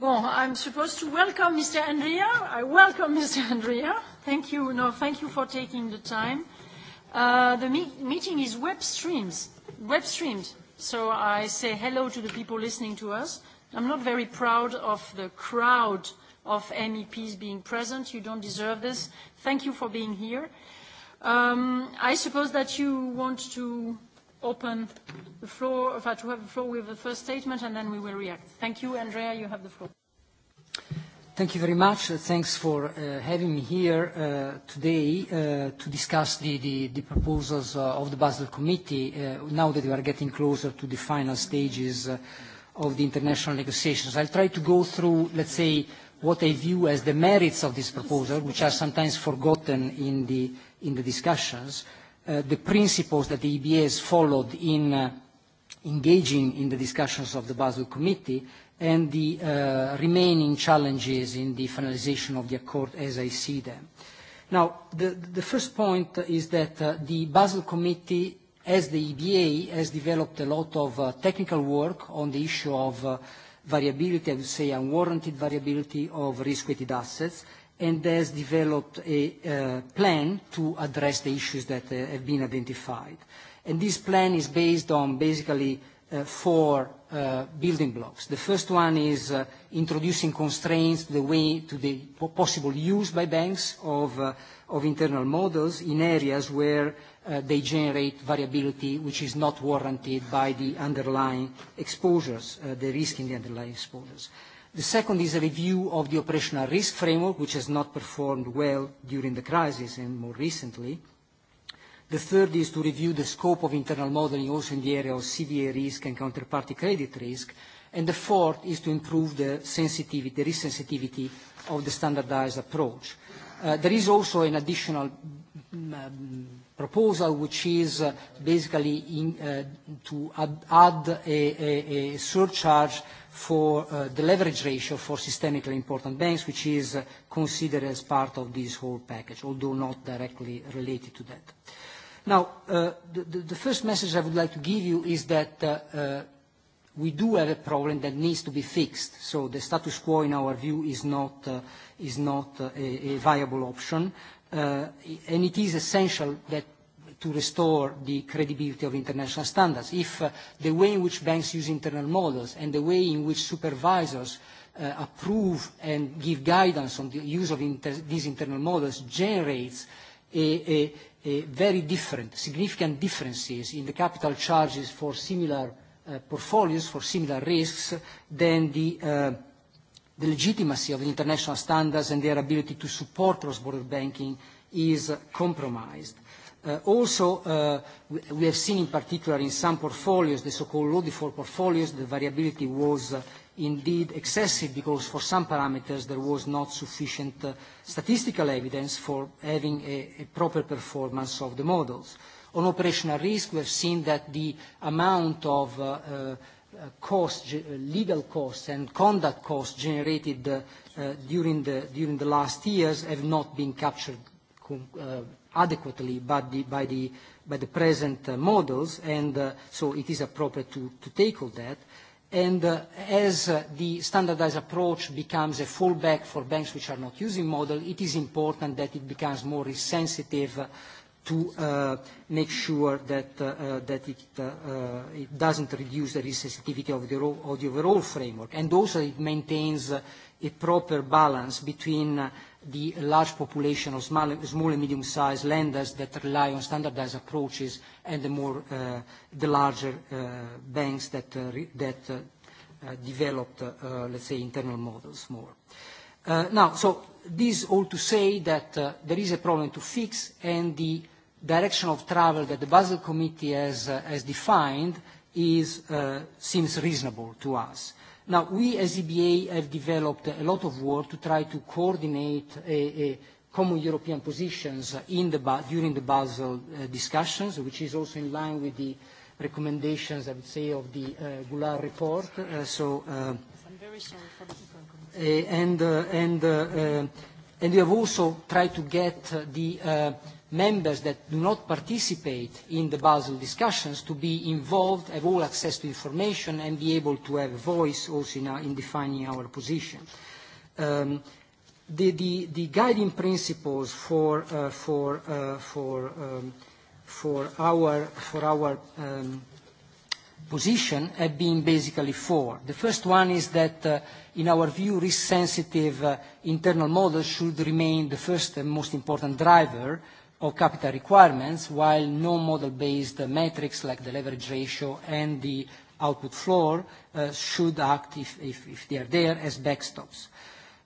Bon, I'm supposed to welcome Mr. Andrea. I welcome Mr. Andrea. Thank you. No, thank you for taking the time. Uh, the me meeting is web streams, web streamed. So I say hello to the people listening to us. I'm not very proud of the crowd of MEPs being present. You don't deserve this. Thank you for being here. Um, I suppose that you want to open the floor, to have the floor with the first statement, and then we will react. Thank you. Andrea, you have the floor. Thank you very much. Uh, thanks for uh, having me here uh, today to discuss the, the, the proposals of the Basel Committee now that we are getting closer to the final stages of the international negotiations. I'll try to go through, let's say, what I view as the merits of this proposal, which are sometimes forgotten in the, in the discussions. Uh, the principles that the EBA has followed in uh, engaging in the discussions of the Basel Committee and the uh, remaining challenges in the finalization of the accord as I see them. Now, the, the first point is that uh, the Basel Committee, as the EBA, has developed a lot of uh, technical work on the issue of uh, variability, I would say unwarranted variability of risk-weighted assets, and has developed a uh, plan to address the issues that uh, have been identified. And this plan is based on basically uh, four building blocks. The first one is introducing constraints to the way to the possible use by banks of, of internal models in areas where they generate variability which is not warranted by the underlying exposures, the risk in the underlying exposures. The second is a review of the operational risk framework, which has not performed well during the crisis and more recently. The third is to review the scope of internal modeling also in the area of CVA risk and counterparty credit risk. And the fourth is to improve the sensitivity, the risk sensitivity of the standardized approach. Uh, there is also an additional mm, mm, proposal which is uh, basically in, uh, to add, add a, a, a surcharge for uh, the leverage ratio for systemically important banks, which is considered as part of this whole package, although not directly related to that. Now, the, the first message I would like to give you is that we do have a problem that needs to be fixed. So the status quo, in our view, is not, uh, is not uh, a, viable option. Uh, and it is essential that to restore the credibility of international standards. If the way in which banks use internal models and the way in which supervisors approve and give guidance on the use of these internal models generates a very different, significant differences in the capital charges for similar Eh, portfolios for similar risks, then the, eh, the legitimacy of the international standards and their ability to support cross-border banking is compromised. Uh, also, uh, we, have seen in particular in some portfolios, the so-called low default portfolios, the variability was uh, indeed excessive because for some parameters there was not sufficient statistical evidence for having a proper performance of the models. On operational risk, we have seen that the amount of uh, uh, cost, uh, legal costs and conduct costs generated during, the, last years have not been captured adequately by the, present models, and so it is appropriate to, take all that. as the standardized approach becomes a fallback for banks which are not using model, it is important that it becomes more risk sensitive to uh, make sure that, uh, uh, it, it doesn't reduce the risk sensitivity of the, overall framework. And also it maintains a proper balance between the large population of small, and medium-sized lenders that rely on standardized approaches and the, more, the larger banks that, that developed, let's say, internal models more. Now, so this all to say that there is a problem to fix and the direction of travel that the Basel Committee has, uh, has defined is, uh, seems reasonable to us. Now, we as EBA have developed a lot of work to try to coordinate a, common European positions in the, during the Basel uh, discussions, which is also in line with the recommendations, I would say, of the uh, Goulart report. Uh, so, uh, uh, and, and, and we have also tried to get the members that do not participate in the Basel discussions to be involved, have all access to information and be able to have a voice also in, in defining our position. Um, the, the, guiding principles for, uh, for, uh, for, um, for our, for our um, position have been basically four. The first one is that, uh, in our view, risk-sensitive internal models should remain the first and most important driver of capital requirements, while no model-based metrics like the leverage ratio and the output floor uh, should act, if, if, they are there, as backstops.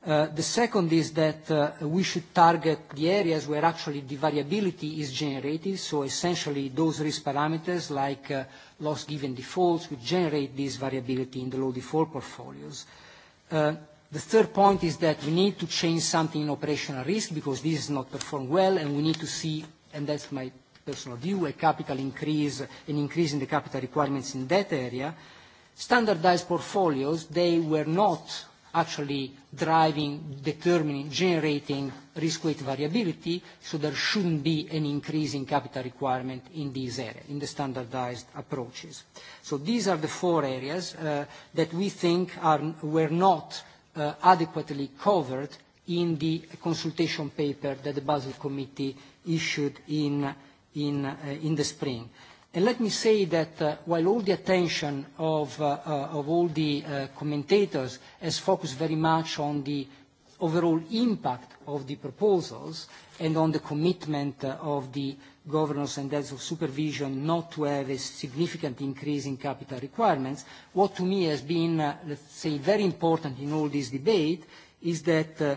Uh, the second is that uh, we should target the areas where actually the variability is generated, so essentially those risk parameters like loss given defaults, would generate this variability in the low default portfolios. The third point is that we need to change something in operational risk because this is not performed well and we need to see, and that's my personal view, a capital increase, an increase in the capital requirements in that area. Standardized portfolios, they were not actually driving, determining, generating risk-weight variability, so there shouldn't be an increase in capital requirement in this area, in the standardized approaches. So these are the four areas uh, that we think are, were not Uh, adequately covered in the consultation paper that the Basel Committee issued in, in, uh, in the spring. And let me say that uh, while all the attention of, of all the commentators has focused very much on the overall impact of the proposals and on the commitment uh, of the governance and heads of supervision not to have a significant increase in capital requirements. What to me has been, uh, let's say, very important in all this debate is that, uh,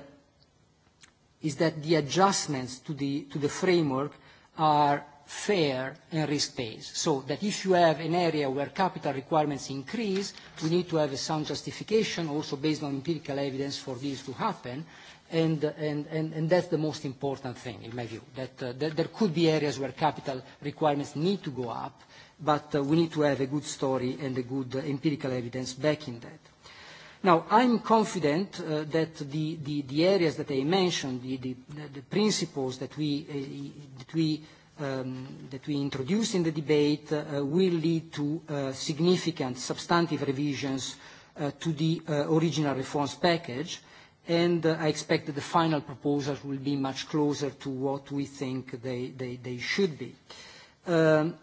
is that the adjustments to the, to the framework are fair and risk-based. So that if you have an area where capital requirements increase, we need to have a sound justification also based on empirical evidence for this to happen and, that's the most important thing in my view, uh, that, there could be areas where capital requirements need to go up, but uh, we need to have a good story and a good uh, empirical evidence backing that. Now, I'm confident that the, areas that I mentioned, the, the, the principles um, that we, introduced in the debate will lead to significant substantive revisions to the original reforms package and uh, I expect that the final proposals will be much closer to what we think they, should be. Um,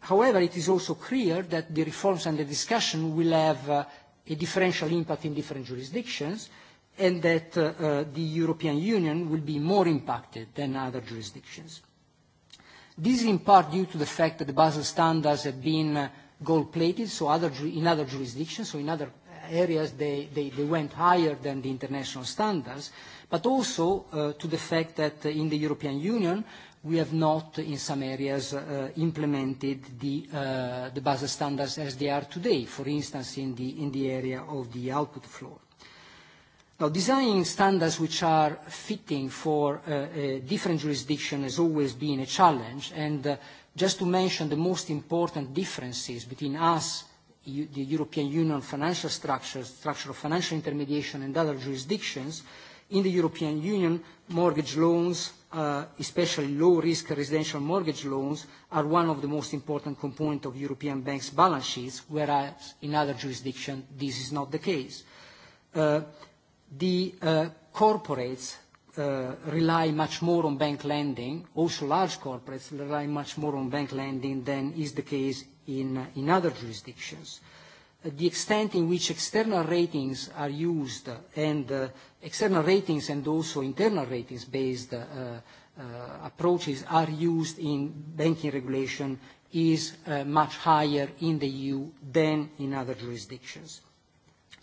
however, it is also clear that the reforms and the discussion will have uh, a differential impact in different jurisdictions and that uh, the European Union will be more impacted than other jurisdictions. This is in part due to the fact that the Basel standards have been gold-plated so in other jurisdictions, so in other areas they, they, they went higher than the international standards, but also uh, to the fact that in the European Union we have not in some areas uh, implemented the, uh, the Basel standards as they are today, for instance in the, in the area of the output floor. Now, designing standards which are fitting for uh, a different jurisdiction has always been a challenge, and uh, just to mention the most important differences between us the European Union financial structures, structure of financial intermediation and other jurisdictions, in the European Union, mortgage loans, uh, especially low-risk residential mortgage loans, are one of the most important components of European banks' balance sheets, whereas in other jurisdictions, this is not the case. Uh, the uh, corporates Uh, rely much more on bank lending. Also, large corporates rely much more on bank lending than is the case in, uh, in other jurisdictions. Uh, the extent in which external ratings are used and external ratings and also internal ratings-based approaches are used in banking regulation is much higher in the EU than in other jurisdictions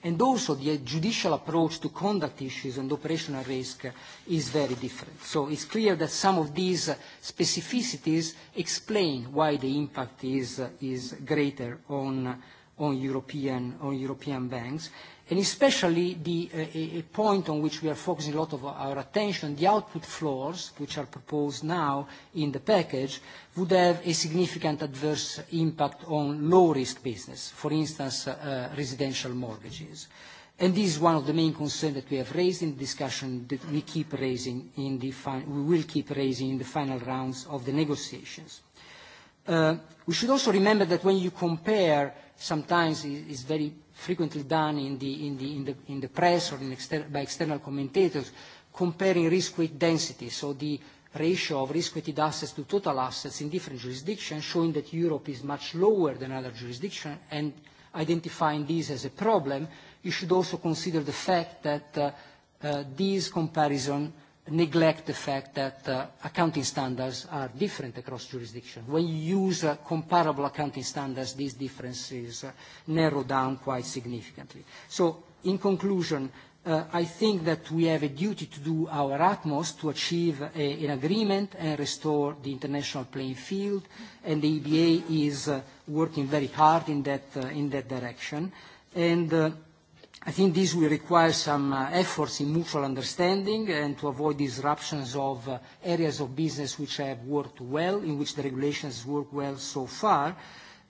and also the judicial approach to conduct issues and operational risk is very different. So it's clear that some of these specificities explain why the impact is, is greater on, on, European, on European banks and especially the uh, a, point on which we are focusing a lot of our attention, the output floors, which are proposed now in the package, would have a significant adverse impact on low-risk business, for instance, uh, uh, residential mortgages. And this is one of the main concerns that we have raised in the discussion that we keep raising in we will keep raising in the final rounds of the negotiations. we should also remember that when you compare, sometimes it's very frequently done in the, in the, in the, press or by external commentators, comparing risk-weight density, so the ratio of risk-weighted assets to total assets in different jurisdictions, showing that Europe is much lower than other jurisdictions, and identifying this as a problem, you should also consider the fact that uh, uh, these comparisons neglect the fact that uh, accounting standards are different across jurisdictions. When you use uh, comparable accounting standards, these differences uh, narrow down quite significantly. So, in conclusion, I think that we have a duty to do our utmost to achieve an agreement and restore the international playing field, and the EBA is working very hard in that, in that direction. And i think this will require some uh, efforts in mutual understanding and to avoid disruptions of uh, areas of business which have worked well, in which the regulations work well so far.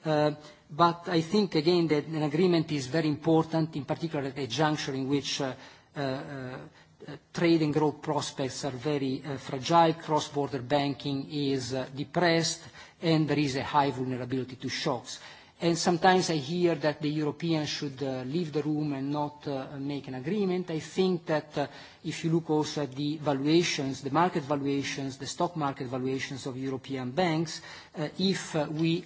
Uh, but I think, again, that an agreement is very important, in particular at a juncture in which trade and growth prospects are very fragile, cross-border banking is depressed, and there is a high vulnerability to shocks and sometimes I hear that the Europeans should uh, leave the room and not uh, make an agreement. I think that uh, if you look also at the valuations, the market valuations, the stock market valuations of European banks, if we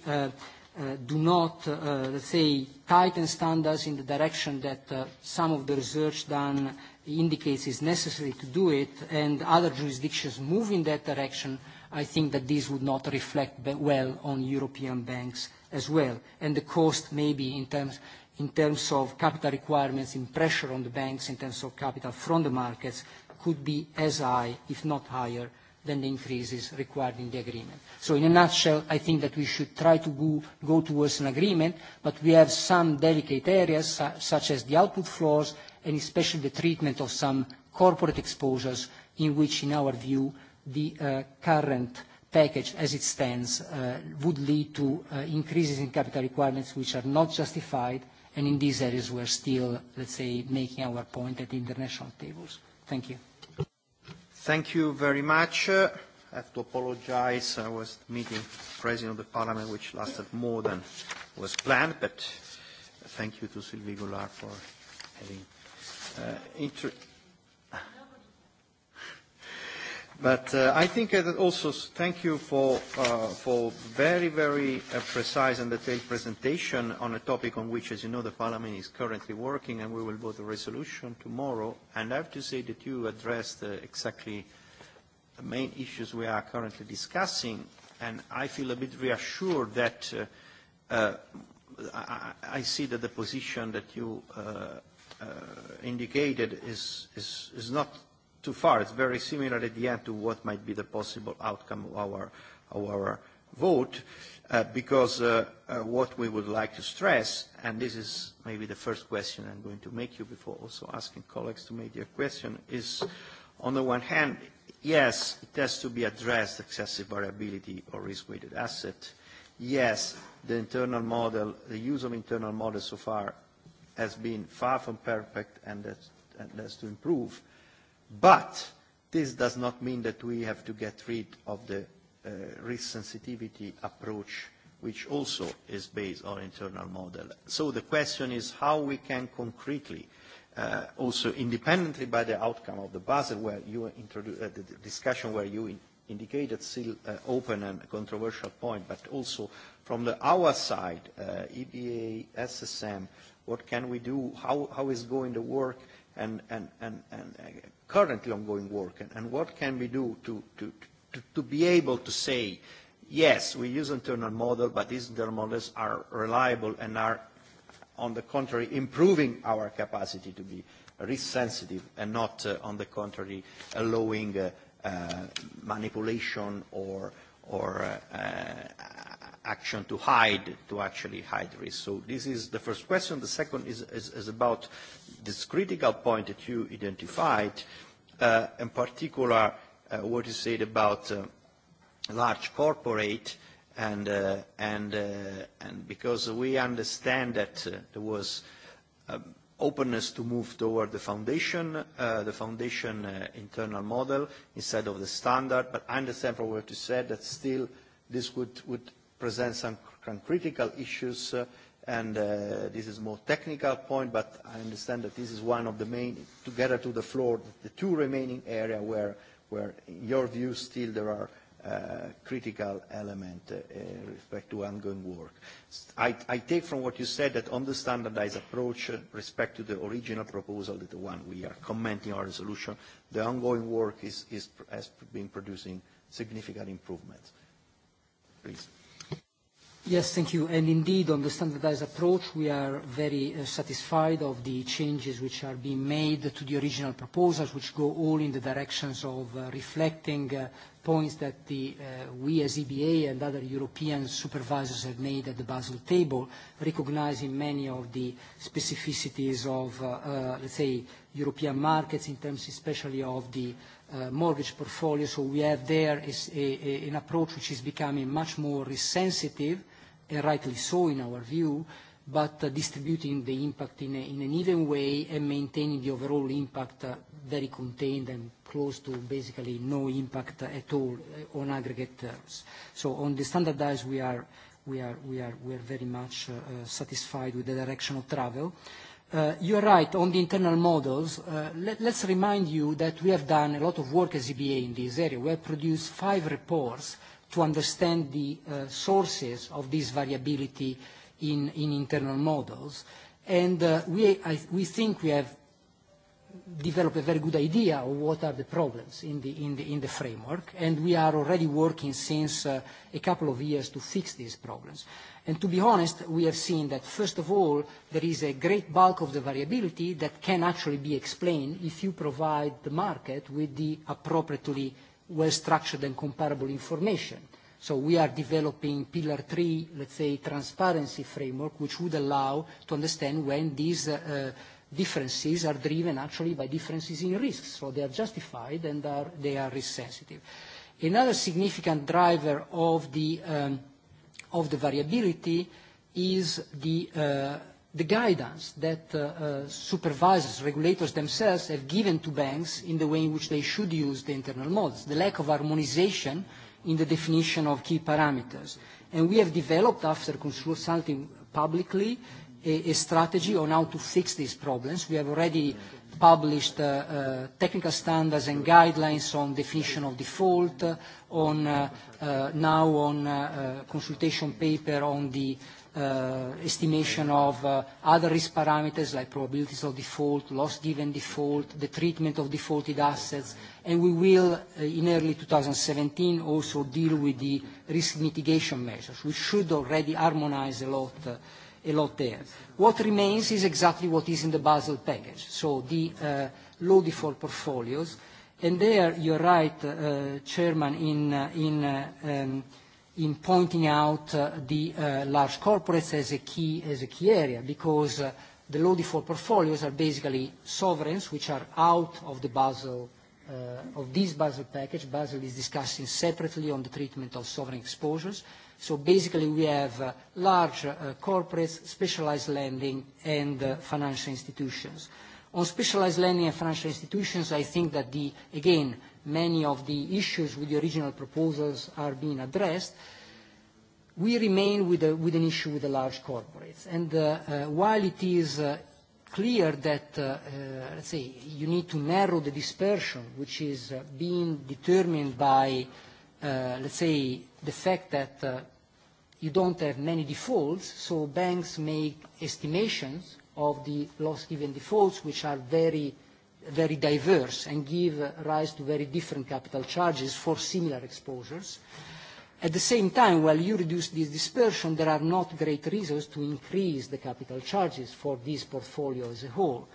do not, let's say, tighten standards in the direction that some of the research done indicates is necessary to do it, and other jurisdictions move in that direction, I think that this would not reflect well on European banks' as well, and the cost maybe in terms, in terms of capital requirements, in pressure on the banks, in terms of capital from the markets, could be as high, if not higher, than the increases required in the agreement. So in a nutshell, I think that we should try to go, towards an agreement, but we have some delicate areas, such as the output floors, and especially the treatment of some corporate exposures, in which, in our view, the uh, current package as it stands uh, would lead to uh, increases in capital requirements which are not justified, and in these areas we are still, let's say, making our point at the international tables. Thank you. Thank you very much. Uh, I have to apologize. I was meeting the President of the Parliament, which lasted more than was planned, but thank you to Sylvie Goulart for having But uh, I think that also thank you for, uh, for very, very uh, precise and detailed presentation on a topic on which, as you know, the Parliament is currently working and we will vote a resolution tomorrow. And I have to say that you addressed uh, exactly the main issues we are currently discussing. And I feel a bit reassured that uh, uh, I, I see that the position that you uh, uh, indicated is, is, is not too far. It's very similar at the end to what might be the possible outcome of our, of our vote, uh, because uh, uh, what we would like to stress, and this is maybe the first question I'm going to make you before also asking colleagues to make their question, is on the one hand, yes, it has to be addressed excessive variability or risk-weighted asset. Yes, the internal model, the use of internal models so far has been far from perfect and that's, and that's to improve. But this does not mean that we have to get rid of the uh, risk sensitivity approach, which also is based on internal model. So the question is how we can concretely, uh, also independently by the outcome of the Basel, where you introduced uh, the discussion where you in indicated still uh, open and controversial point, but also from the our side, uh, EBA, SSM, what can we do, how, how is going the work and, and, and, and uh, currently ongoing work and, and what can we do to, to, to, to be able to say, yes, we use internal model, but these internal models are reliable and are, on the contrary, improving our capacity to be risk sensitive and not, uh, on the contrary, allowing uh, uh, manipulation or, or uh, action to hide, to actually hide risk. So this is the first question. The second is, is, is about this critical point that you identified, uh, in particular uh, what you said about uh, large corporate and, uh, and, uh, and because we understand that uh, there was um, openness to move toward the foundation, uh, the foundation uh, internal model instead of the standard, but I understand from what you said that still this would, would present some critical issues uh, and uh, this is a more technical point, but I understand that this is one of the main, together to the floor, the two remaining area where, where in your view still there are Uh, critical element uh, in respect to ongoing work. I, I take from what you said that on the standardized approach uh, respect to the original proposal, that the one we are commenting our resolution, the ongoing work is, is, has been producing significant improvements. Please. Yes, thank you. And indeed, on the standardized approach, we are very uh, satisfied of the changes which are being made to the original proposals, which go all in the directions of uh, reflecting uh, points that the, we as EBA and other European supervisors have made at the Basel table, recognizing many of the specificities of, let's say, European markets in terms especially of the mortgage portfolio. So we have there is an approach which is becoming much more sensitive and rightly so in our view, but uh, distributing the impact in, an even way and maintaining the overall impact uh, very contained and close to basically no impact at all uh, on aggregate terms. So on the standardized, we are, we are, we are, we are very much satisfied with the direction of travel. You are right, on the internal models, let, let's remind you that we have done a lot of work as EBA in this area. We have produced five reports to understand the uh, sources of this variability in, internal models. And uh, we, think we have developed a very good idea of what are the problems in the, framework, and we are already working since uh, a couple of years to fix these problems. And to be honest, we have seen that, first of all, there is a great bulk of the variability that can actually be explained if you provide the market with the appropriately well-structured and comparable information. So we are developing Pillar 3, let's say, transparency framework, which would allow to understand when these uh, uh, differences are driven actually by differences in risks. So they are justified and they are risk sensitive. Another significant driver of the, um, variability is the uh, the guidance that uh, uh, supervisors, regulators themselves have given to banks in the way in which they should use the internal models, the lack of harmonization in the definition of key parameters. And we have developed, after consulting publicly, a, strategy on how to fix these problems. We have already published uh, technical standards and guidelines on definition of default, on now on consultation paper on the Uh, estimation of uh, other risk parameters like probabilities of default, loss given default, the treatment of defaulted assets. and We will, uh, in early 2017, also deal with the risk mitigation measures. We should already harmonize a lot, uh, a lot there. What remains is exactly what is in the Basel package, so the uh, low default portfolios. and There, you're right, uh, Chairman, in, in um, in pointing out uh, the uh, large corporates as a key as a key area because uh, the low default portfolios are basically sovereigns which are out of the Basel of this Basel package. Basel is discussing separately on the treatment of sovereign exposures. So basically we have large corporates, specialized lending and financial institutions. On specialized lending and financial institutions I think that the again many of the issues with the original proposals are being addressed, we remain with, an issue with the large corporates. And uh, uh, while it is uh, clear that, let's say, you need to narrow the dispersion, which is being determined by, let's say, the fact that you don't have many defaults, so banks make estimations of the loss given defaults, which are very very diverse and give rise to very different capital charges for similar exposures. At the same time, while you reduce this dispersion, there are not great reasons to increase the capital charges for this portfolio as a whole.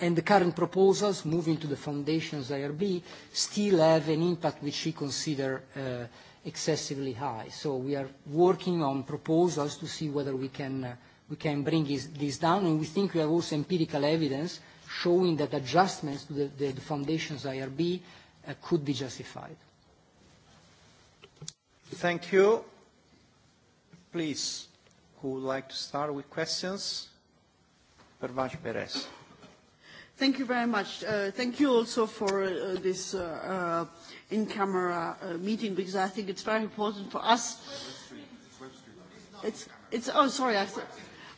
And the current proposals, moving to the foundation's IRB, still have an impact which we consider uh, excessively high. So we are working on proposals to see whether we can, uh, we can bring this, this down, and we think we have also empirical evidence showing that adjustments to the, foundation's IRB uh, could be justified. Thank you. Please, who would like to start with questions? Thank you very much. Uh, thank you also for uh, this in-camera meeting because I think it's very important for us. It's, it's oh, sorry. I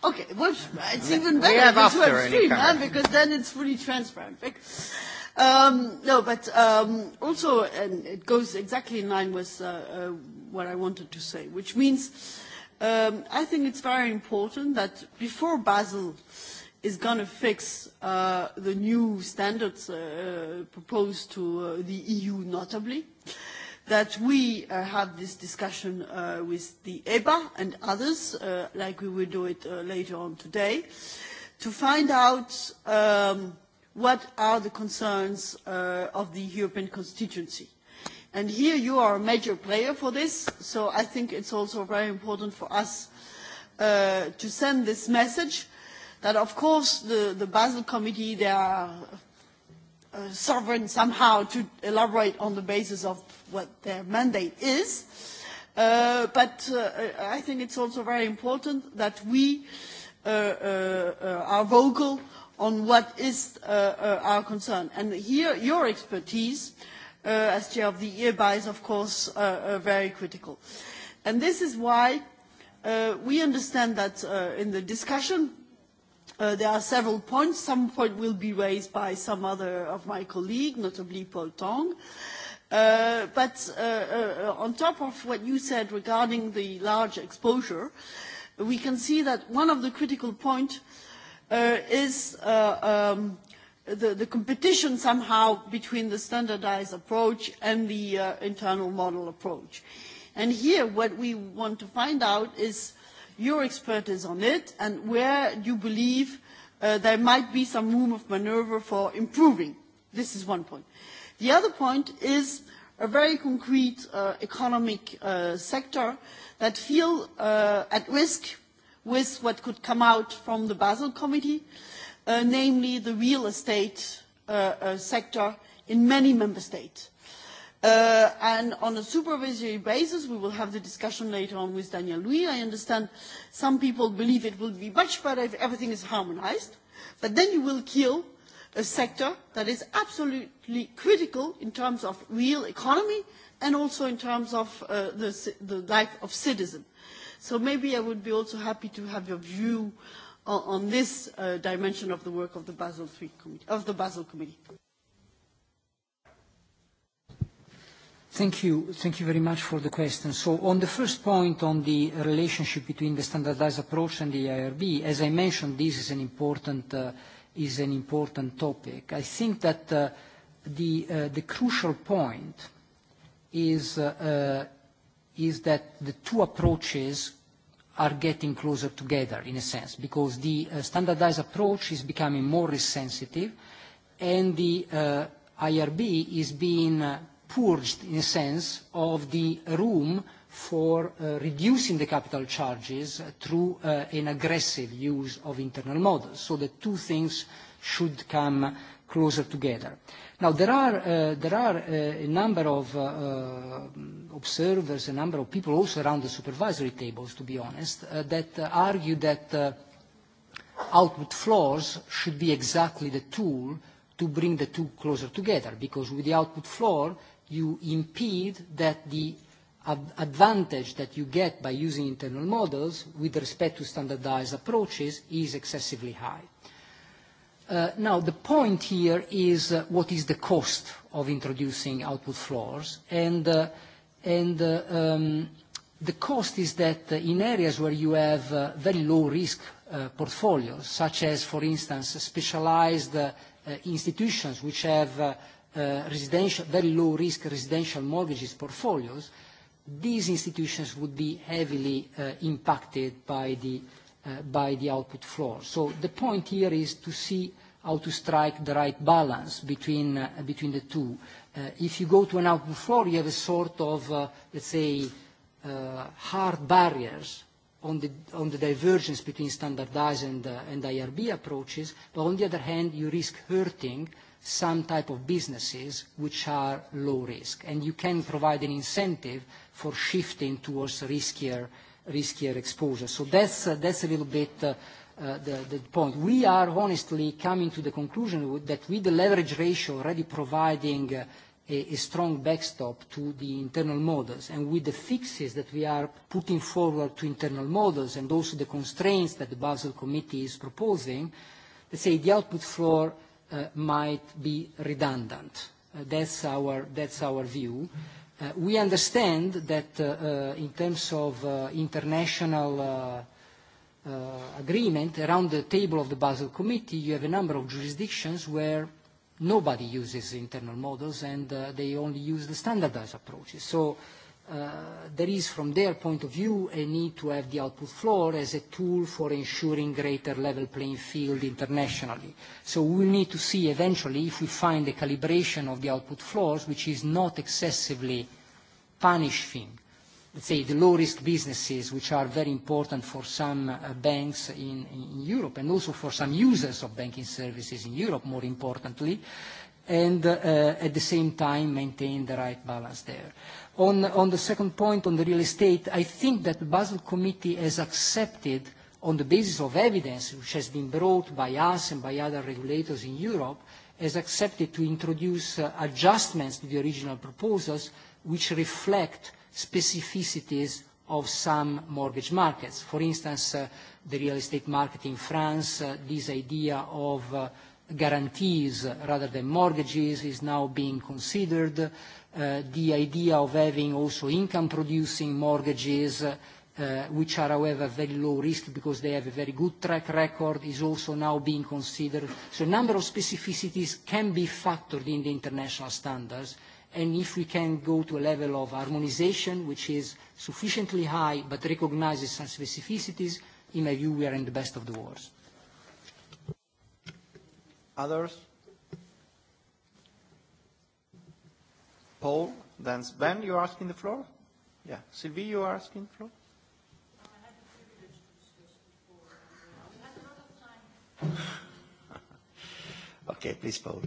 Okay, well, it's even better we have stream, huh? because then it's fully transparent. Um, no, but um, also, and it goes exactly in line with uh, uh, what I wanted to say, which means um, I think it's very important that before Basel is going to fix uh, the new standards uh, uh proposed to uh, the EU notably, uh, that we uh, this discussion uh, with the EBA and others, uh, like we will do it uh, later on today, to find out um, what are the concerns uh, of the European constituency. And here you are a major player for this, so I think it's also very important for us uh, to send this message that of course the, the Basel Committee, they are Uh, sovereign somehow to elaborate on the basis of what their mandate is. Uh, but uh, I think it's also very important that we uh, uh, are vocal on what is our concern. And here your expertise as chair of the EBA is of course very critical. And this is why we understand that in the discussion Uh, there are several points. Some point will be raised by some other of my colleagues, notably Paul Tong. Uh, but uh, on top of what you said regarding the large exposure, we can see that one of the critical points is um, the, the competition somehow between the standardized approach and the internal model approach. And here what we want to find out is your expertise on it and where you believe uh, there might be some room of manoeuvre for improving. This is one point. The other point is a very concrete uh, economic uh, sector that feel uh, at risk with what could come out from the Basel Committee, uh, namely the real estate uh, sector in many member states Uh, and on a supervisory basis we will have the discussion later on with daniel louis i understand some people believe it will be much better if everything is harmonised but then you will kill a sector that is absolutely critical in terms of real economy and also in terms of uh, the, life of citizens. so maybe i would be also happy to have your view on, this uh, dimension of the work of the basel, committee, of the basel committee. Thank you. Thank you very much for the question. So on the first point on the relationship between the standardized approach and the IRB, as I mentioned, this is an important, uh, topic. I think that uh, the, uh, the crucial point is, is that the two approaches are getting closer together in a sense, because the standardized approach is becoming more risk sensitive and the IRB is being purged in a sense of the room for uh, reducing the capital charges through uh, an aggressive use of internal models. So the two things should come closer together. Now, there are, uh, there are a number of observers, a number of people also around the supervisory tables, to be honest, that argue that output floors should be exactly the tool to bring the two closer together, because with the output floor, you impede that the advantage that you get by using internal models with respect to standardized approaches is excessively high. Uh, now, the point here is uh, what is the cost of introducing output floors, and, uh, and um, the cost is that in areas where you have very low-risk portfolios, such as, for instance, specialized institutions which have Uh, residential, very low risk residential mortgages portfolios, these institutions would be heavily uh, impacted by the, uh, by the output floor. So the point here is to see how to strike the right balance between, between the two. If you go to an output floor, you have a sort of, let's say, hard barriers on the, on the divergence between standardized and IRB approaches. But on the other hand, you risk hurting some type of businesses which are low risk. And you can provide an incentive for shifting towards riskier, exposure. So uh, that's, a little bit uh, uh, the, point. We are honestly coming to the conclusion that with the leverage ratio already providing a, a strong backstop to the internal models, and with the fixes that we are putting forward to internal models, and also the constraints that the Basel Committee is proposing, let's say the output floor Uh, might be redundant. Uh, that's our, that's our view. Uh, we understand that in terms of international agreement around the table of the Basel Committee, you have a number of jurisdictions where nobody uses internal models and they only use the standardized approaches. So Uh, there is, from their point of view, a need to have the output floor as a tool for ensuring greater level playing field internationally. So we will need to see eventually if we find a calibration of the output floors which is not excessively punishing, let's say, the low-risk businesses which are very important for some uh, banks in, in Europe and also for some users of banking services in Europe, more importantly, and uh, at the same time maintain the right balance there. On, on the second point, on the real estate, I think that the Basel Committee has accepted, on the basis of evidence which has been brought by us and by other regulators in Europe, has accepted to introduce uh, adjustments to the original proposals which reflect specificities of some mortgage markets. For instance, uh, the real estate market in France, uh, this idea of guarantees rather than mortgages is now being considered. Uh, the idea of having also income-producing mortgages, uh, which are, however, very low risk because they have a very good track record, is also now being considered. So a number of specificities can be factored in the international standards, and if we can go to a level of harmonization, which is sufficiently high but recognizes some specificities, in my view, we are in the best of the worlds. Others? Paul, then Ben, you're asking the floor? Yeah. Sylvie, you are asking the floor? okay, please, Paul.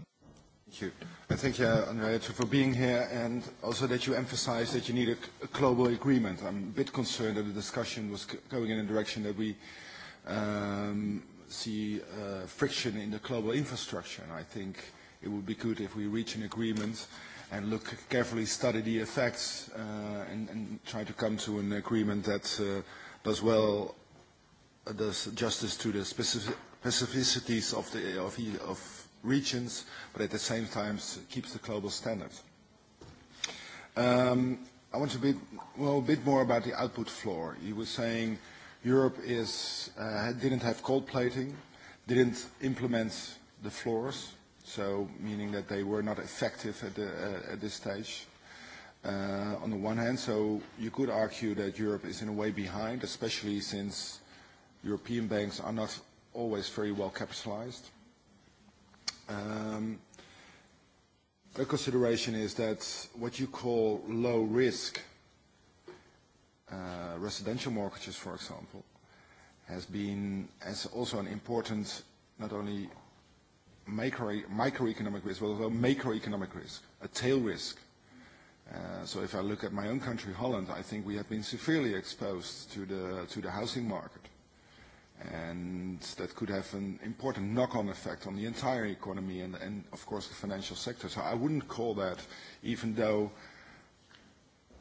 Thank you. And thank you, Andrea, for being here, and also that you emphasize that you need a, a global agreement. I'm a bit concerned that the discussion was going in a direction that we um, see uh, friction in the global infrastructure. And I think it would be good if we reach an agreement and look carefully study the effects uh, and, and try to come to an agreement that uh, does well uh, does justice to the specificities of the of, of regions, but at the same time keeps the global standard. Um, I want to be well a bit more about the output floor. You were saying Europe is uh, didn't have cold plating, didn't implement the floors so meaning that they were not effective at, the, uh, at this stage. Uh, on the one hand, so you could argue that Europe is in a way behind, especially since European banks are not always very well capitalized. Um, a consideration is that what you call low risk uh, residential mortgages, for example, has been as also an important not only microeconomic risk, well, macroeconomic risk, a tail risk. Uh, so if I look at my own country, Holland, I think we have been severely exposed to the, to the housing market. And that could have an important knock-on effect on the entire economy and, and, of course, the financial sector. So I wouldn't call that, even though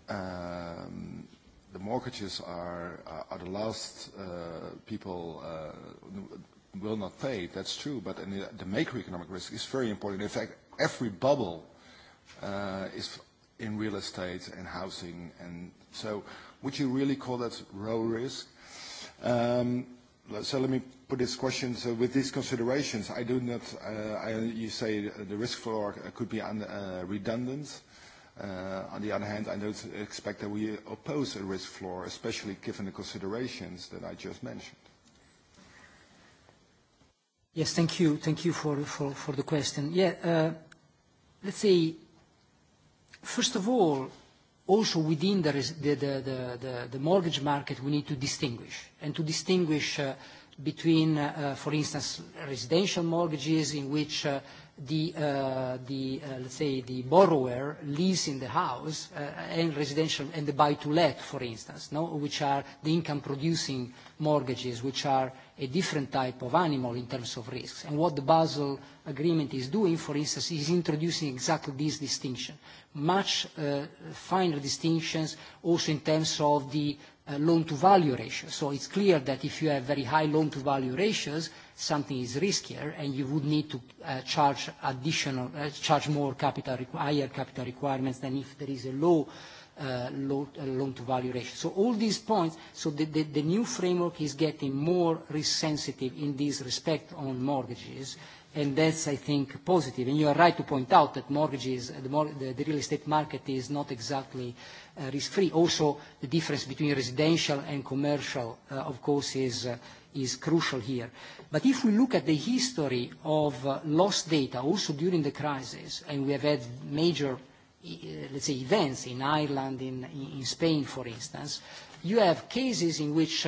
um, the mortgages are, are the last uh, people, uh, will not pay. That's true, but the, the macroeconomic risk is very important. In fact, every bubble uh, is in real estate and housing. And so would you really call that low risk? Um, so let me put this question. So with these considerations, I do not, uh, I, you say the risk floor could be un, uh, redundant. Uh, on the other hand, I don't expect that we oppose a risk floor, especially given the considerations that I just mentioned. Yes, thank you. Thank you for, for, for the question. Yeah, uh, let's say, first of all, also within the, the, the, mortgage market, we need to distinguish, and to distinguish uh, between, uh, for instance, residential mortgages in which the, uh, the uh, let's say, the borrower leasing the house uh, and residential and the buy-to-let, for instance, which are the income-producing mortgages, which are a different type of animal in terms of risks. And what the Basel Agreement is doing, for instance, is introducing exactly this distinction, much finer distinctions also in terms of the Uh, loan-to-value ratio. So it's clear that if you have very high loan-to-value ratios, something is riskier, and you would need to uh, charge additional, uh, charge more capital, higher capital requirements than if there is a low, loan-to-value ratio. So all these points, so the new framework is getting more risk sensitive in this respect on mortgages, and that's, I think, positive. And you are right to point out that mortgages, the, the, the real estate market is not exactly uh, risk-free. Also, the difference between residential and commercial, uh, of course, is, uh, is crucial here. But if we look at the history of lost data, also during the crisis, and we have had major, e, e, let's say, events in Ireland, in, in Spain, for instance, you have cases in which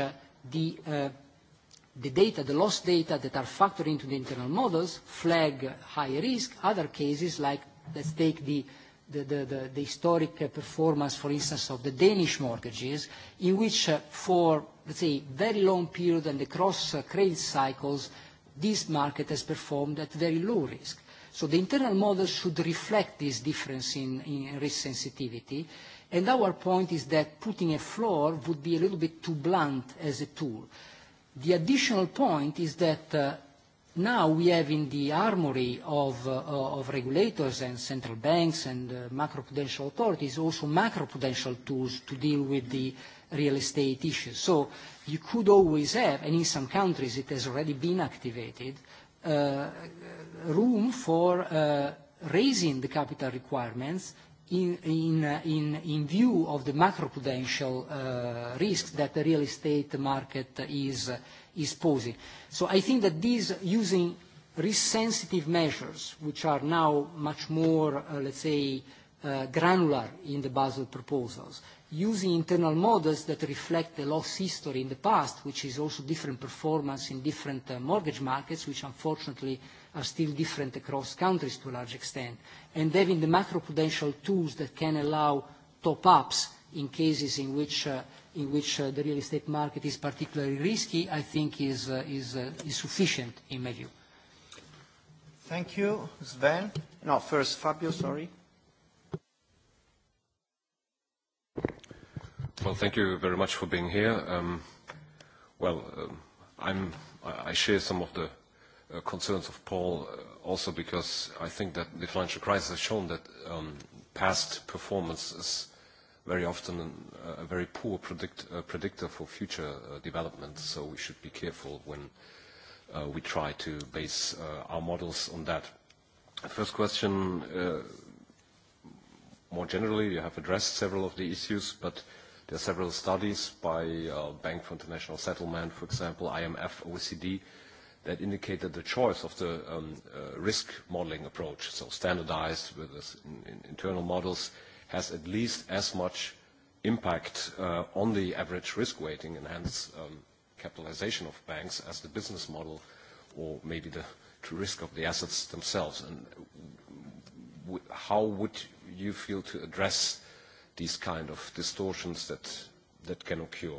the the data, the lost data that are factored into the internal models flag high risk. Other cases, like let's take the, the, the, the historic performance, for instance, of the Danish mortgages, in which uh, for, let's say, very long period and across uh, credit cycles, this market has performed at very low risk. So the internal models should reflect this difference in, in risk sensitivity. And our point is that putting a floor would be a little bit too blunt as a tool. The additional point is that uh, now we have in the armory of, uh, of regulators and central banks and uh, macroprudential authorities also macroprudential tools to deal with the real estate issues. So you could always have, and in some countries it has already been activated, uh, room for uh, raising the capital requirements in, uh, in, in, view of the macroprudential uh, risks that the real estate market is, posing. So I think that these using risk-sensitive measures, which are now much more, uh, let's say, uh, granular in the Basel proposals, using internal models that reflect the loss history in the past, which is also different performance in different mortgage markets, which unfortunately are still different across countries to a large extent. And having the macroprudential tools that can allow top-ups in cases in which, uh, in which uh, the real estate market is particularly risky, I think is, uh, is, uh, is sufficient in my view. Thank you. Sven? No, first Fabio, sorry. Well, thank you very much for being here. Um, well, um, I'm, I share some of the Uh, concerns of Paul uh, also because I think that the financial crisis has shown that um, past performance is very often uh, a very poor predictor for future development, so we should be careful when we try to base our models on that. First question, more generally, you have addressed several of the issues, but there are several studies by Bank for International Settlement, for example, IMF, OECD, that indicated the choice of the um, uh, risk modeling approach, so standardized with internal models, has at least as much impact uh, on the average risk weighting and hence um, capitalization of banks as the business model or maybe the risk of the assets themselves. And how would you feel to address these kind of distortions that, that can occur?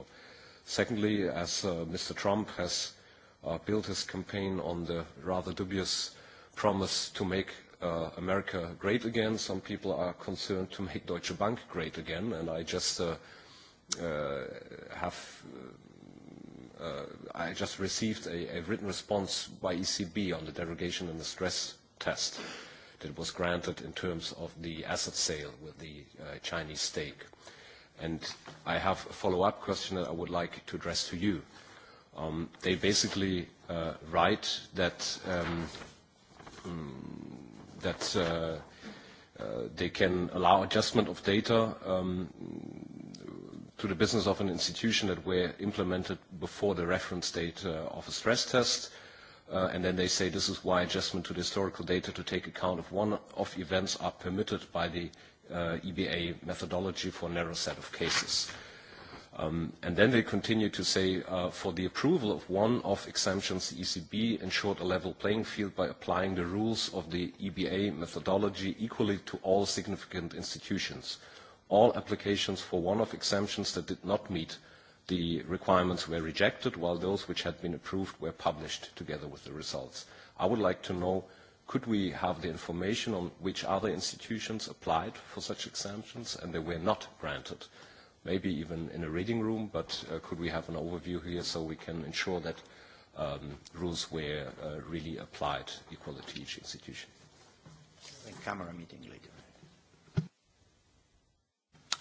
Secondly, as uh, Mr. Trump has uh, built his campaign on the rather dubious promise to make uh, America great again. Some people are concerned to make Deutsche Bank great again, and I just uh, uh, have uh, uh I just received a, a written response by ECB on the derogation and the stress test that was granted in terms of the asset sale with the uh, Chinese stake. And I have a follow-up question that I would like to address to you. Um, they basically uh, write that um, mm, that uh, uh, they can allow adjustment of data um, to the business of an institution that were implemented before the reference date uh, of a stress test. and then they say this is why adjustment to the historical data to take account of one-off events are permitted by the EBA methodology for a narrow set of cases. Um, and then they continue to say, uh, for the approval of one of exemptions, the ECB ensured a level playing field by applying the rules of the EBA methodology equally to all significant institutions. All applications for one of exemptions that did not meet the requirements were rejected, while those which had been approved were published together with the results. I would like to know, could we have the information on which other institutions applied for such exemptions and they were not granted? maybe even in a reading room, but uh, could we have an overview here so we can ensure that um, rules were uh, really applied equally to each institution? The camera meeting later.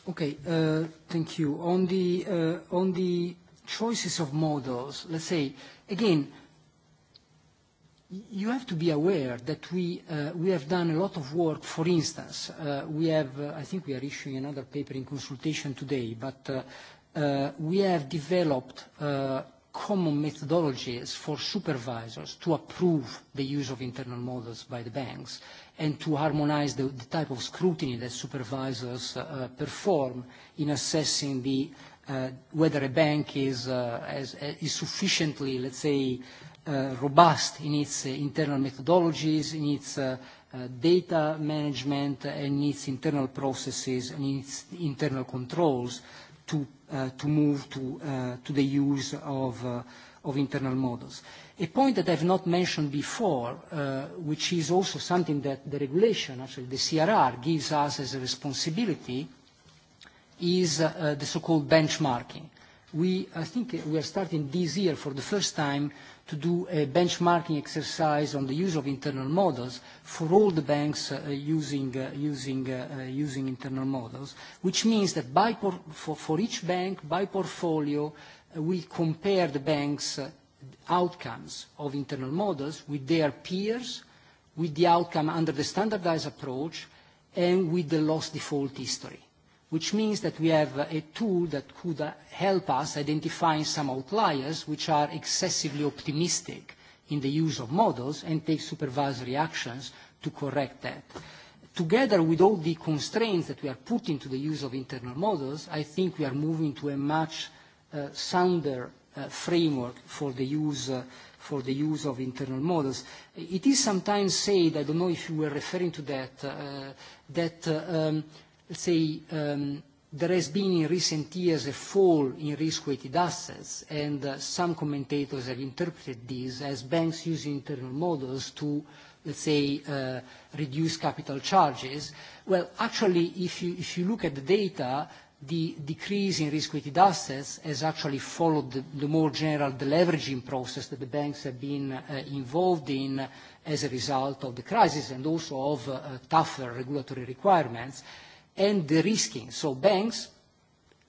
Okay, uh, thank you. On the, on the choices of models, let's say, again, you have to be aware that uh, we, have done a lot of work. For instance, uh, we have, uh, I think we are issuing another paper in consultation today, but we have developed common methodologies for supervisors to approve the use of internal models by the banks and to harmonize the, type of scrutiny that supervisors perform in assessing whether a bank is, is sufficiently, let's say, Uh, robust in its internal methodologies, in its uh, data management, and in its internal processes and in its internal controls to, uh, to move to, to the use of of internal models. A point that I've not mentioned before, uh, which is also something that the regulation, actually the CRR, gives us as a responsibility, is uh, the so-called benchmarking. We, I think we are starting this year for the first time to do a benchmarking exercise on the use of internal models for all the banks uh, using, uh, using, uh, using internal models, which means that by for, for each bank, by portfolio, we compare the bank's outcomes of internal models with their peers, with the outcome under the standardized approach, and with the loss default history which means that we have a tool that could uh, help us identify some outliers which are excessively optimistic in the use of models and take supervisory actions to correct that. Together with all the constraints that we are putting to the use of internal models, I think we are moving to a much uh, sounder uh, framework for the use for the use of internal models. It is sometimes said, I don't know if you were referring to that, that um, say, um, there has been in recent years a fall in risk-weighted assets, and uh, some commentators have interpreted this as banks using internal models to, let's say, uh, reduce capital charges. Well, actually, if you, look at the data, the decrease in risk-weighted assets has actually followed the, more general deleveraging process that the banks have been uh, involved in as a result of the crisis and also of tougher regulatory requirements and de-risking. So banks,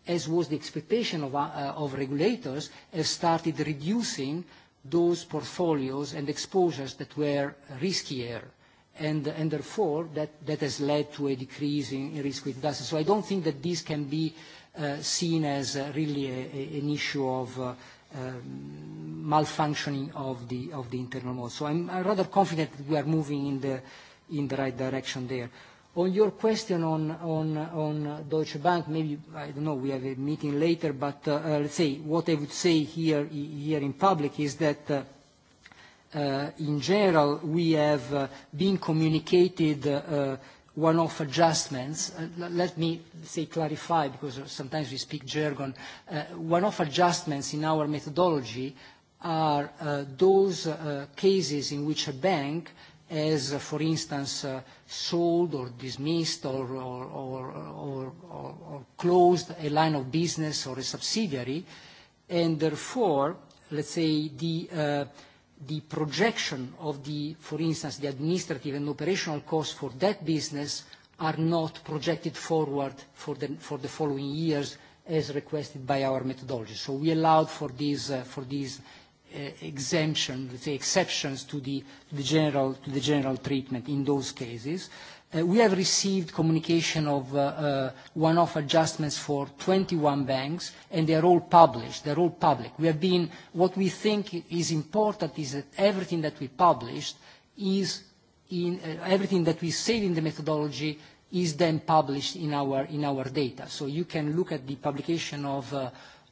as was the expectation uh, of, regulators, have started reducing those portfolios and exposures that were riskier. And, therefore, that, has led to a decrease in, risk-weighted assets. So I don't think that this can be uh, seen as uh, really an issue of um, malfunctioning of the, internal model. So I'm, rather confident that we are moving in the, in the right direction there. On your question on, on, Deutsche Bank, maybe, I don't know, we have a meeting later, but uh, uh, let's say what I would say here, here in public is that uh, in general, we have been communicated one-off adjustments. Let me, say, clarify, because sometimes we speak jargon. One-off adjustments in our methodology are those cases in which a bank as, for instance, uh, sold or dismissed or, closed a line of business or a subsidiary, and therefore, let's say, the, uh, the projection of the, for instance, the administrative and operational costs for that business are not projected forward for the, for the following years as requested by our methodology. So we allowed for these, uh, for these Uh, exemption, let's say exceptions to the, general, to the general treatment in those cases. Uh, we have received communication of uh, one-off adjustments for 21 banks, and they are all published. They are all public. We have been, what we think is important is that everything that we published is in, everything that we say in the methodology is then published in our, in our data. So you can look at the publication of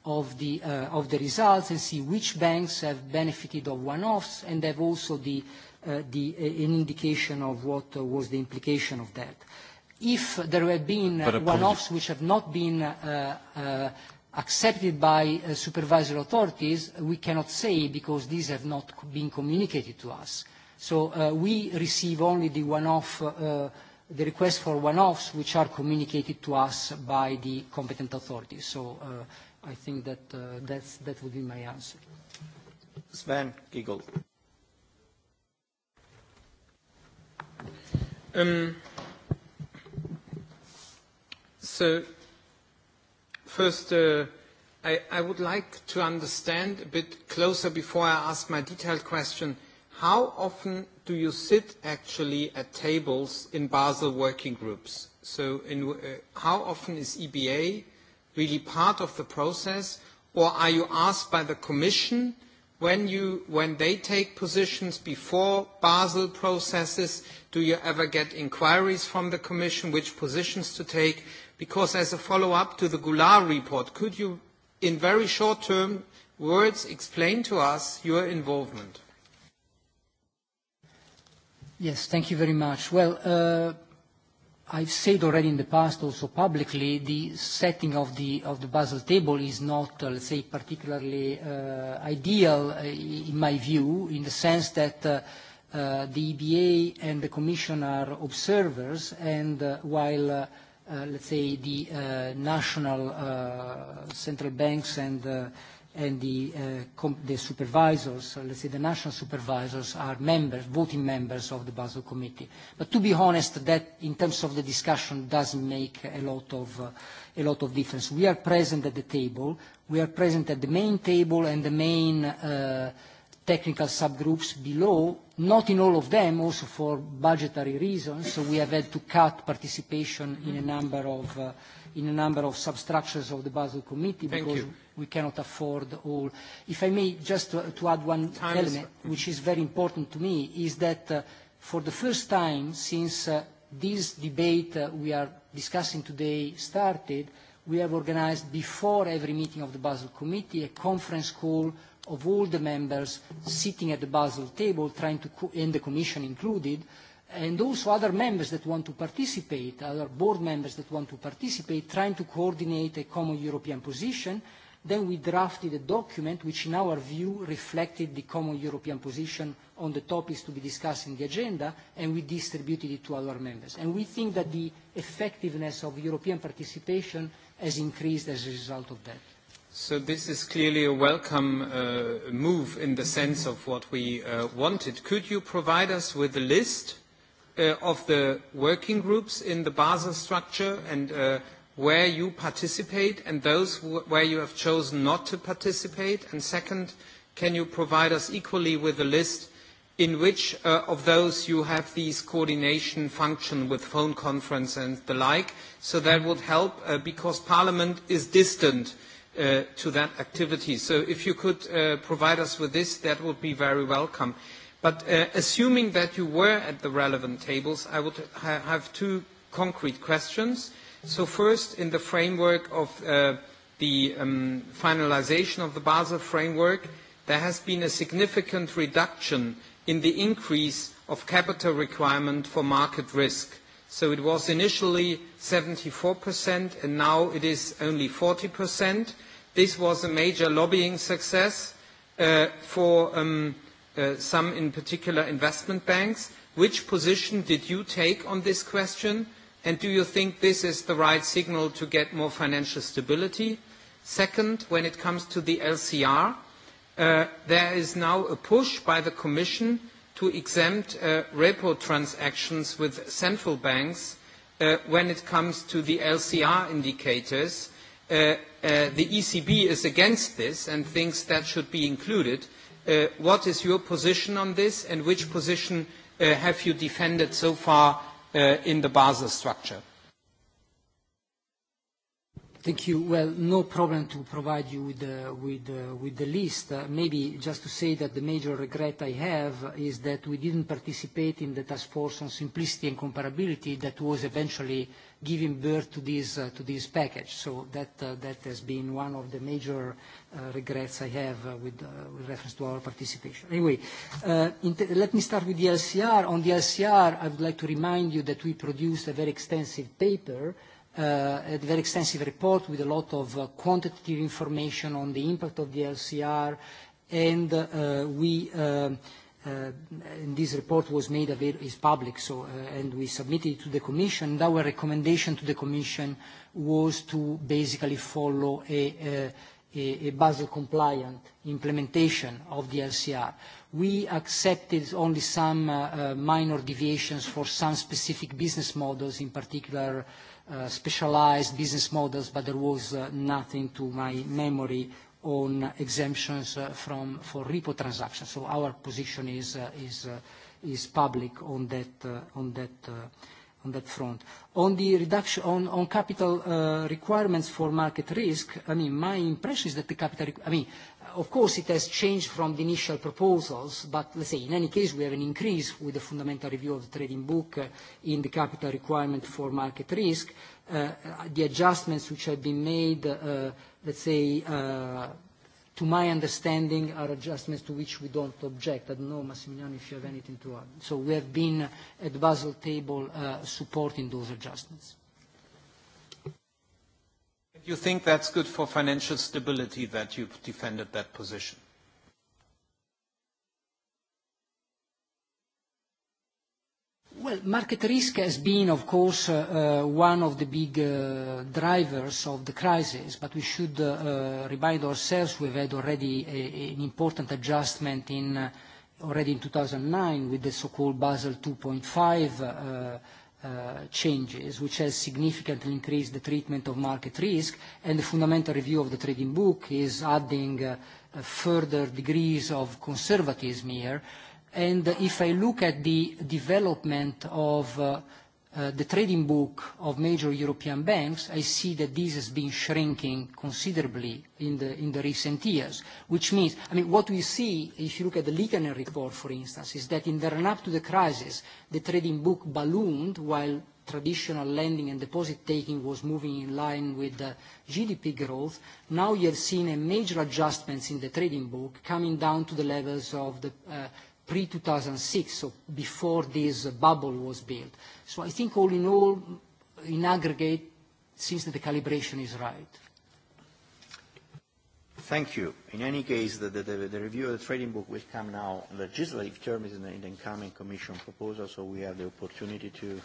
of the, uh, of the results and see which banks have benefited of one-offs and have also the, uh, the, uh, an indication of what was the implication of that. If there have been one-offs which have not been accepted by supervisory authorities, we cannot say because these have not been communicated to us. So we receive only the one-off the requests for one-offs which are communicated to us by the competent authorities. So i think that uh, that's, that would be my answer. Sven Giegel. Um, so, first, uh, I, I would like to understand a bit closer before I ask my detailed question. How often do you sit actually at tables in Basel working groups? So, in, uh, how often is EBA really part of the process, or are you asked by the Commission when, you, when they take positions before Basel processes? Do you ever get inquiries from the Commission which positions to take? Because as a follow-up to the Goulart report, could you, in very short-term words, explain to us your involvement? Yes, thank you very much. Well, uh, I've said already in the past, also publicly, the setting of the, of the Basel table is not, uh, let's say, particularly uh, ideal uh, in my view, in the sense that uh, the EBA and the Commission are observers, and while, let's say, the national central banks and and the, uh, the supervisors, uh, let's say the national supervisors, are members, voting members of the Basel Committee. But to be honest, that in terms of the discussion doesn't make a lot of, uh, a lot of difference. We are present at the table. We are present at the main table and the main uh, technical subgroups below not in all of them, also for budgetary reasons. So we have had to cut participation in a number of, uh, in a number of substructures of the Basel Committee Thank because you. we cannot afford all. If I may, just to, to add one Time element, is... which is very important to me, is that uh, for the first time since uh, this debate uh, we are discussing today started, we have organized before every meeting of the Basel Committee a conference call of all the members sitting at the Basel table, trying to, and the Commission included, and also other members that want to participate, other board members that want to participate, trying to coordinate a common European position. Then we drafted a document which, in our view, reflected the common European position on the topics to be discussed in the agenda, and we distributed it to our members. And we think that the effectiveness of European participation has increased as a result of that. So this is clearly a welcome uh, move in the sense of what we uh, wanted. Could you provide us with a list uh, of the working groups in the Basel structure and uh, where you participate and those where you have chosen not to participate? And second, can you provide us equally with a list in which uh, of those you have these coordination function with phone conference and the like? So that would help uh, because Parliament is distant Uh, to that activity. So if you could uh, provide us with this, that would be very welcome. But uh, assuming that you were at the relevant tables, I would ha have two concrete questions. So first, in the framework of uh, the um, finalization of the Basel framework, there has been a significant reduction in the increase of capital requirement for market risk So it was initially 74% and now it is only 40%. This was a major lobbying success uh, for um, uh, some, in particular, investment banks. Which position did you take on this question? And do you think this is the right signal to get more financial stability? Second, when it comes to the LCR, uh, there is now a push by the Commission to exempt uh, repo transactions with central banks uh, when it comes to the LCR indicators. Uh, the ECB is against this and thinks that should be included. What is your position on this and which position have you defended so far in the Basel structure? Thank you. Well, no problem to provide you with the, uh, with uh, with the list. Uh, maybe just to say that the major regret I have is that we didn't participate in the task force on simplicity and comparability that was eventually giving birth to this, uh, to this package. So that, uh, that has been one of the major regrets I have with, with reference to our participation. Anyway, let me start with the LCR. On the LCR, I would like to remind you that we produced a very extensive paper Uh, a very extensive report with a lot of uh, quantitative information on the impact of the LCR, uh, and this report was made available is public so and we submitted it to the commission our recommendation to the commission was to basically follow a, basel compliant implementation of the lcr we accepted only some minor deviations for some specific business models in particular Uh, specialized business models, but there was uh, nothing to my memory on exemptions uh, from for repo transactions. So our position is is is public on that on that on that front. On the reduction on on capital requirements for market risk, I mean, my impression is that the capital, I mean, of course it has changed from the initial proposals, but let's say in any case we have an increase with the fundamental review of the trading book uh, in the capital requirement for market risk. Uh, uh, the adjustments which have been made, let's say, to my understanding, are adjustments to which we don't object. I don't know, Massimiliano, if you have anything to add. So we have been at Basel table supporting those adjustments you think that's good for financial stability that you've defended that position? Well, market risk has been, of course, uh, uh one of the big uh, drivers of the crisis, but we should uh, uh remind ourselves we've had already a, an important adjustment in uh, already in 2009 with the so-called Basel 2.5 Uh, changes, which has significantly increased the treatment of market risk, and the fundamental review of the trading book is adding uh, uh, further degrees of conservatism here. And if I look at the development of Uh, the trading book of major European banks, I see that this has been shrinking considerably in the, recent years, which means, I mean, what we see, if you look at the Likanen report, for instance, is that in the run-up to the crisis, the trading book ballooned while traditional lending and deposit taking was moving in line with the GDP growth. Now you have seen a major adjustments in the trading book coming down to the levels of the uh, pre-2006, so before this bubble was built. So I think all in all, in aggregate, since the calibration is right. Thank you. In any case, the, the, the review of the trading book will come now. The legislative term is in the, incoming commission proposal, so we have the opportunity to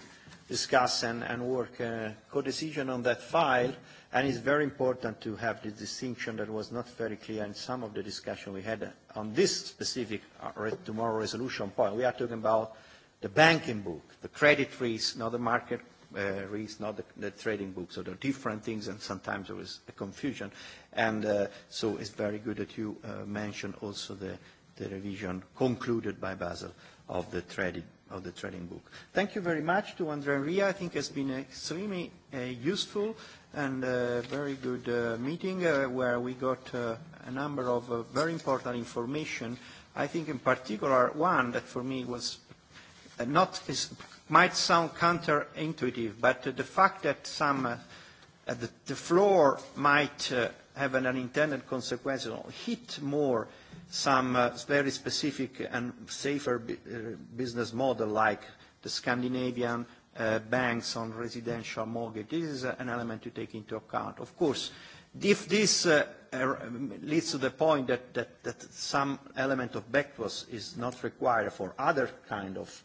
discuss and, and work uh, co-decision on that file. And it's very important to have the distinction that was not very clear in some of the discussion we had on this specific uh, tomorrow resolution point. We are talking about the banking book, the credit risk, not the market uh, risk, not the, the trading book. So there are different things, and sometimes there is a confusion. And uh, so it's very good that you uh, mentioned also the, the revision concluded by Basel of the trading of the trading book. Thank you very much to Andrea and Ria. I think it's been extremely uh, useful and a uh, very good uh, meeting uh, where we got uh, a number of uh, very important information. I think in particular one that for me was not is, might sound counterintuitive, but the fact that some at the, the floor might have an unintended consequence or hit more some uh, very specific and safer uh, business model like the Scandinavian uh, banks on residential mortgage. This is an element to take into account. Of course, if this er, leads to the point that, some element of backwards is not required for other kind of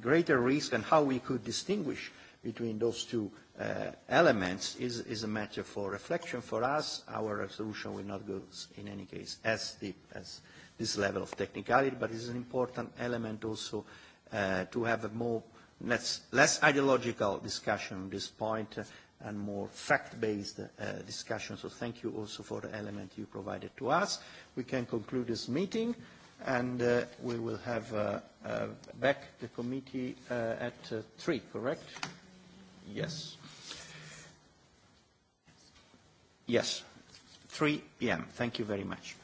greater risk and how we could distinguish between those two uh, elements is, is a matter for reflection. For us, our resolution will not go, in any case, as deep as this level of technicality, but it is an important element also uh, to have a more less, less ideological discussion on this point uh, and more fact-based uh, discussion. So thank you also for the element you provided to us. We can conclude this meeting and uh, we will have uh, uh, back the committee uh, at uh, 3, correct? Yes. Yes, 3 p.m. Thank you very much.